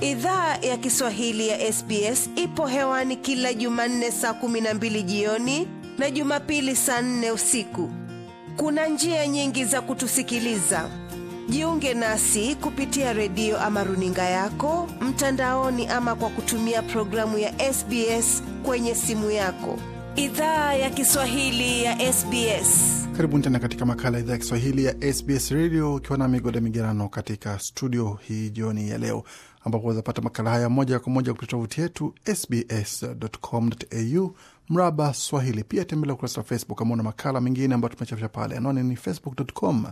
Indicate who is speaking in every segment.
Speaker 1: Idhaa ya Kiswahili ya SBS ipo hewani kila Jumanne saa kumi na mbili jioni na Jumapili saa nne usiku. Kuna njia nyingi za kutusikiliza. Jiunge nasi kupitia redio ama runinga yako mtandaoni, ama kwa kutumia programu ya SBS kwenye simu yako. Idhaa ya Kiswahili ya SBS. Karibuni tena katika makala idhaa ya Kiswahili ya SBS Radio, ukiwa na Migoda Migerano katika studio hii jioni ya leo ambapo wazapata makala haya moja kwa moja kupitia tovuti yetu sbs.com.au mraba Swahili. Pia tembelea ukurasa wa Facebook amaona makala mengine ambayo tumechapisha pale, anwani ni facebook.com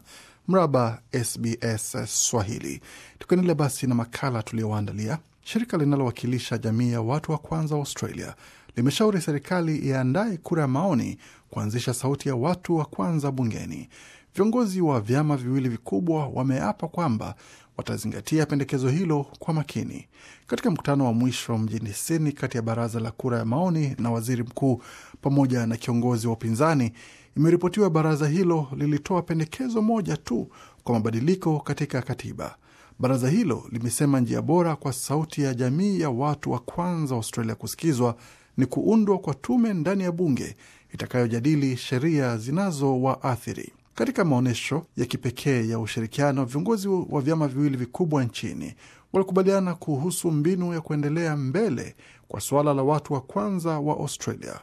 Speaker 1: mraba SBS Swahili. Tukaendelea basi na makala tuliyoandalia. shirika linalowakilisha jamii ya watu wa kwanza wa Australia limeshauri serikali iandaye kura ya maoni kuanzisha sauti ya watu wa kwanza bungeni. Viongozi wa vyama viwili vikubwa wameapa kwamba watazingatia pendekezo hilo kwa makini. Katika mkutano wa mwisho mjini Sydney kati ya baraza la kura ya maoni na waziri mkuu pamoja na kiongozi wa upinzani, imeripotiwa baraza hilo lilitoa pendekezo moja tu kwa mabadiliko katika katiba. Baraza hilo limesema njia bora kwa sauti ya jamii ya watu wa kwanza Australia kusikizwa ni kuundwa kwa tume ndani ya bunge itakayojadili sheria zinazowaathiri. Katika maonyesho ya kipekee ya ushirikiano, viongozi wa vyama viwili vikubwa nchini walikubaliana kuhusu mbinu ya kuendelea mbele kwa suala la watu wa kwanza wa Australia.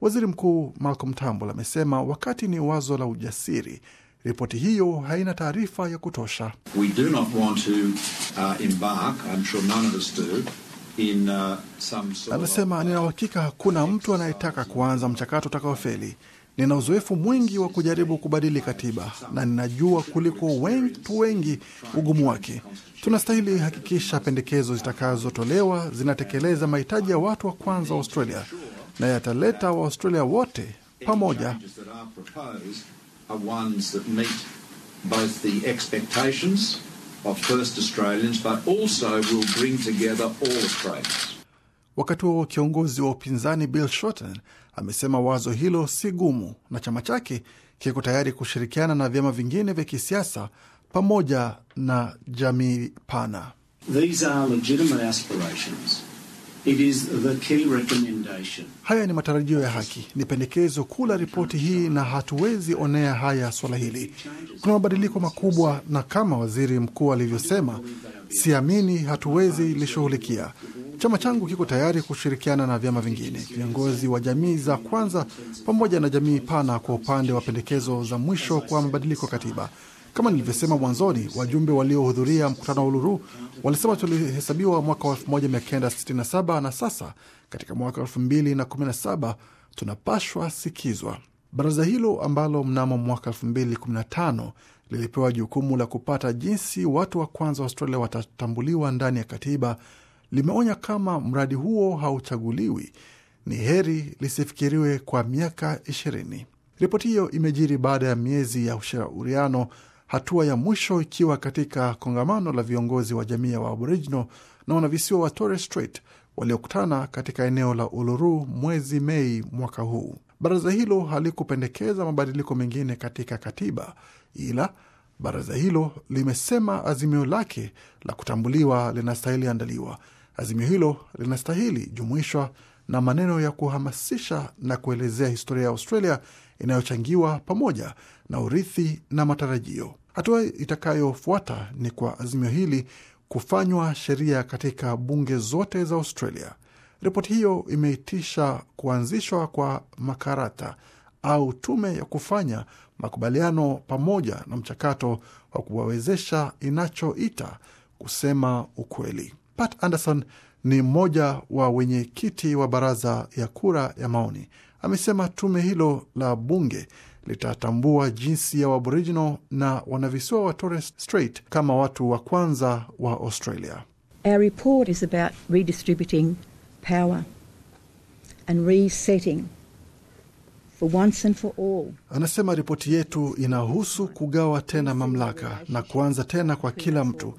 Speaker 1: Waziri Mkuu Malcolm Turnbull amesema wakati ni wazo la ujasiri, ripoti hiyo haina taarifa ya kutosha. Uh, uh, Anasema, ninauhakika hakuna mtu anayetaka kuanza mchakato utakaofeli Nina uzoefu mwingi wa kujaribu kubadili katiba na ninajua kuliko watu wengi ugumu wake. Tunastahili hakikisha pendekezo zitakazotolewa zinatekeleza mahitaji ya watu wa kwanza wa Australia na yataleta Waaustralia wote pamoja. Of first Australians, but also will bring together all Australians. Wakati huo kiongozi wa upinzani Bill Shorten amesema wazo hilo si gumu na chama chake kiko tayari kushirikiana na vyama vingine vya kisiasa pamoja na jamii pana. Haya ni matarajio ya haki, ni pendekezo kuu la ripoti hii, na hatuwezi onea haya swala hili. Kuna mabadiliko makubwa, na kama waziri mkuu alivyosema, siamini hatuwezi lishughulikia, Chama changu kiko tayari kushirikiana na vyama vingine, viongozi wa jamii za kwanza pamoja na jamii pana kwa upande wa pendekezo za mwisho kwa mabadiliko katiba. Kama nilivyosema mwanzoni, wajumbe waliohudhuria mkutano wa Uluru walisema tulihesabiwa mwaka 1967 na sasa katika mwaka 2017 tunapashwa sikizwa. Baraza hilo ambalo mnamo mwaka 2015 lilipewa jukumu la kupata jinsi watu wa kwanza wa Australia watatambuliwa ndani ya katiba limeonya kama mradi huo hauchaguliwi, ni heri lisifikiriwe kwa miaka ishirini. Ripoti hiyo imejiri baada ya miezi ya ushauriano, hatua ya mwisho ikiwa katika kongamano la viongozi wa jamii ya Waaboriginal na wanavisiwa wa Torres Strait waliokutana katika eneo la Uluru mwezi Mei mwaka huu. Baraza hilo halikupendekeza mabadiliko mengine katika katiba, ila baraza hilo limesema azimio lake la kutambuliwa linastahili andaliwa Azimio hilo linastahili jumuishwa na maneno ya kuhamasisha na kuelezea historia ya Australia inayochangiwa pamoja na urithi na matarajio. Hatua itakayofuata ni kwa azimio hili kufanywa sheria katika bunge zote za Australia. Ripoti hiyo imeitisha kuanzishwa kwa makarata au tume ya kufanya makubaliano pamoja na mchakato wa kuwawezesha inachoita kusema ukweli. Pat Anderson ni mmoja wa wenyekiti wa baraza ya kura ya maoni, amesema tume hilo la bunge litatambua jinsi ya waboriginal na wanavisiwa wa Torres Strait kama watu wa kwanza wa Australia. Our report is about redistributing power and resetting for once and for all. Anasema ripoti yetu inahusu kugawa tena mamlaka na kuanza tena kwa kila mtu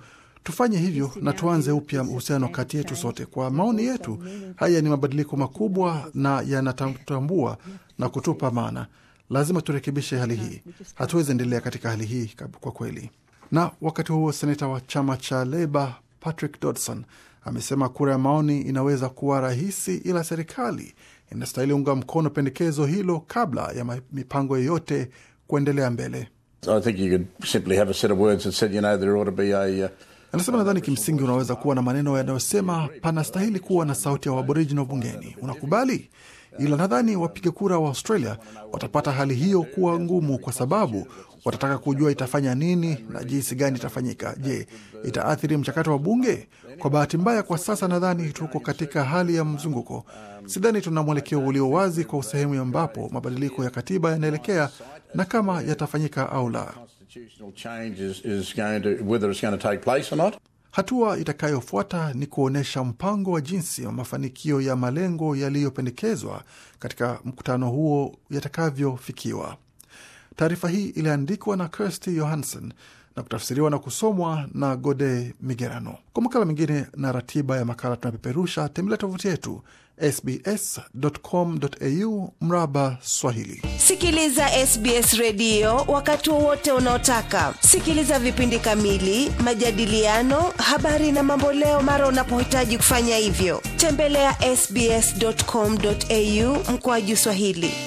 Speaker 1: Tufanye hivyo na tuanze upya uhusiano kati yetu sote. Kwa maoni yetu, haya ni mabadiliko makubwa na yanatambua na kutupa maana. Lazima turekebishe hali hii, hatuwezi endelea katika hali hii kwa kweli. Na wakati huo seneta wa chama cha Leba Patrick Dodson amesema kura ya maoni inaweza kuwa rahisi, ila serikali inastahili unga mkono pendekezo hilo kabla ya mipango yoyote kuendelea mbele. Anasema nadhani kimsingi unaweza kuwa na maneno yanayosema panastahili kuwa na sauti ya Waborijini bungeni. Unakubali? Ila nadhani wapiga kura wa Australia watapata hali hiyo kuwa ngumu, kwa sababu watataka kujua itafanya nini na jinsi gani itafanyika. Je, itaathiri mchakato wa bunge? Kwa bahati mbaya, kwa sasa nadhani tuko katika hali ya mzunguko. Sidhani tuna mwelekeo ulio wazi kwa sehemu ambapo mabadiliko ya katiba yanaelekea na kama yatafanyika au la. Hatua itakayofuata ni kuonyesha mpango wa jinsi wa mafanikio ya malengo yaliyopendekezwa katika mkutano huo yatakavyofikiwa. Taarifa hii iliandikwa na Kirsty Johansen, na kutafsiriwa na kusomwa na Gode Migerano. Kwa makala mengine na ratiba ya makala tunapeperusha, tembelea tovuti yetu sbs.com.au mraba Swahili. Sikiliza SBS redio wakati wowote unaotaka. Sikiliza vipindi kamili, majadiliano, habari na mamboleo mara unapohitaji kufanya hivyo. Tembelea ya sbs.com.au mkoaju Swahili.